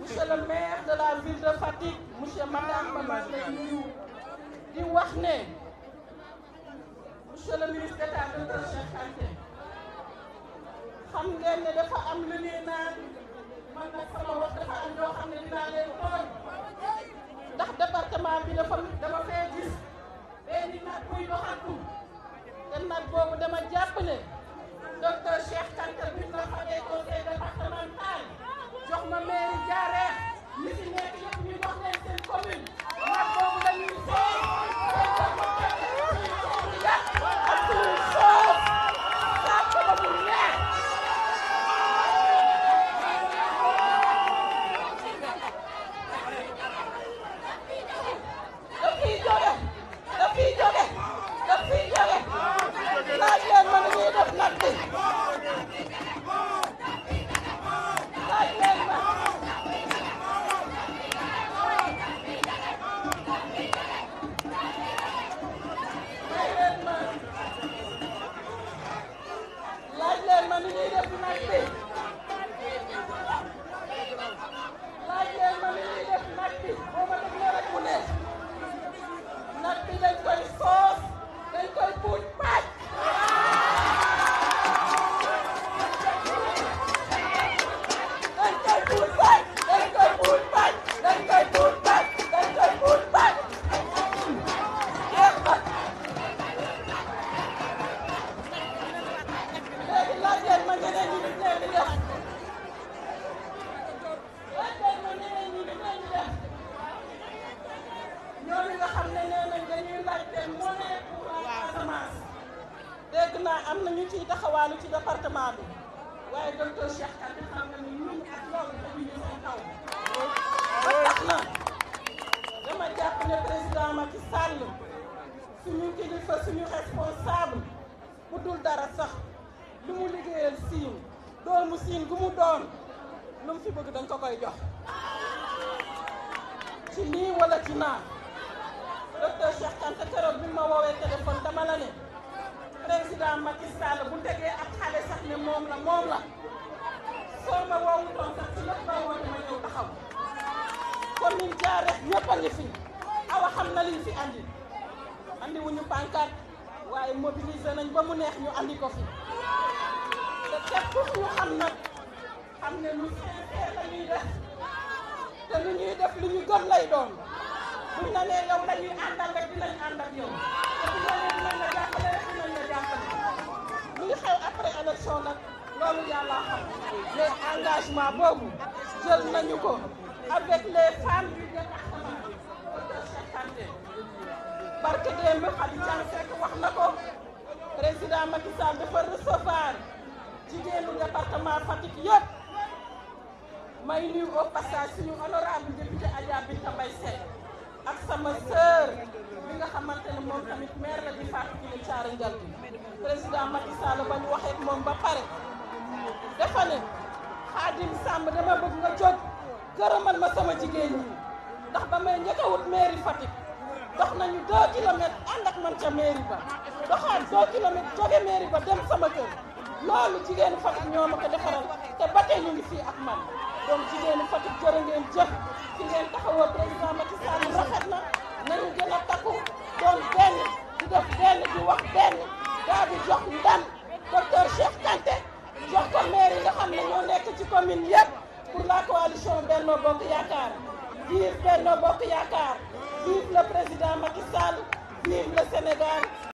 monsieur le maire de la ville de Fatigue, monsieur madame Mamadou maa ngi lay nuyu di wax ne monsieur le ministre d'État docteur Cheikh Kanté xam ngeen ne dafa am lu ñuy naan man nag sama wax dafa am yoo xam ne leen tooñ ndax département bi dafa dama fee gis benn nag buy doxantu te nag boobu dama jàpp ne docteur Cheikh Kanté bi nga xamee conseil départemental jox ma maire got it! xam am na ñu ciy taxawaalu ci département bi waaye docteur Cheikh Kane xam na ni ñun ak loolu dañuy seen taw ba tax na dama jàpp ne président Macky Sall suñu kilifa suñu responsable dul dara sax lu mu liggéeyal siin doomu siin gu mu doon lu mu fi bëgg dañ koy jox ci nii wala ci naa docteur Cheikh Kanta keroog bi ma woowee téléphone dama la ne président Macky bu tegee ak xale sax ne moom la moom la soo ma woowutoon sax si lépp loo ma ñëw taxaw commune Diarès ñëpp a ngi fi awa xam na liñ fi andi andi wuñu pancarte waaye mobiliser nañ ba mu neex ñu andi ko fi te képp ñu xam nag xam ne lu sincère la def te lu ñuy def lu ñu gëm lay doon. buñ la nee yow dañuy àndal rek dinañ ànd yow te buñ la nee dinañ la jàppale rek dinañ la jàppale li xew boobu jël nañu ko avec les barke démb Khady Diagne Seck wax na ko président Macky Sall dafa recevoir jigéenu département Fatick yëpp may nuyu au passage suñu honorable député Adja Binta Mbaye Seck ak sama sœur bi nga xamante ne moom tamit maire la di Fatou Kiné Thiaré Ndial président Macky Sall ba ñu waxee moom ba pare dafa ne Khadim Samb dama bëgg nga jóg gërëmal ma sama jigéen ñi ndax ba may njëkk a wut mairie Fatick dox nañu 2 kilomètres ànd ak man ca mairie ba doxaat 2 kilomètres jóge mairie ba dem sama kër. loolu jigéenu Fatick ñoo ma ko defaral te ba ñu ngi fii ak man donc jigéenu jërë ngeen jëf fi ngeen taxawoo président Macky Sall rafet na nañu gën a takku doon benn di def benn di wax benn daa di jox ndam docteur Cheikh Kanté jox ko maire nga xam ne ñoo nekk ci commune yëpp pour la coalition Benno Bokk Yaakaar vive Benno Bokk Yaakaar vive le président Macky Sall vive Sénégal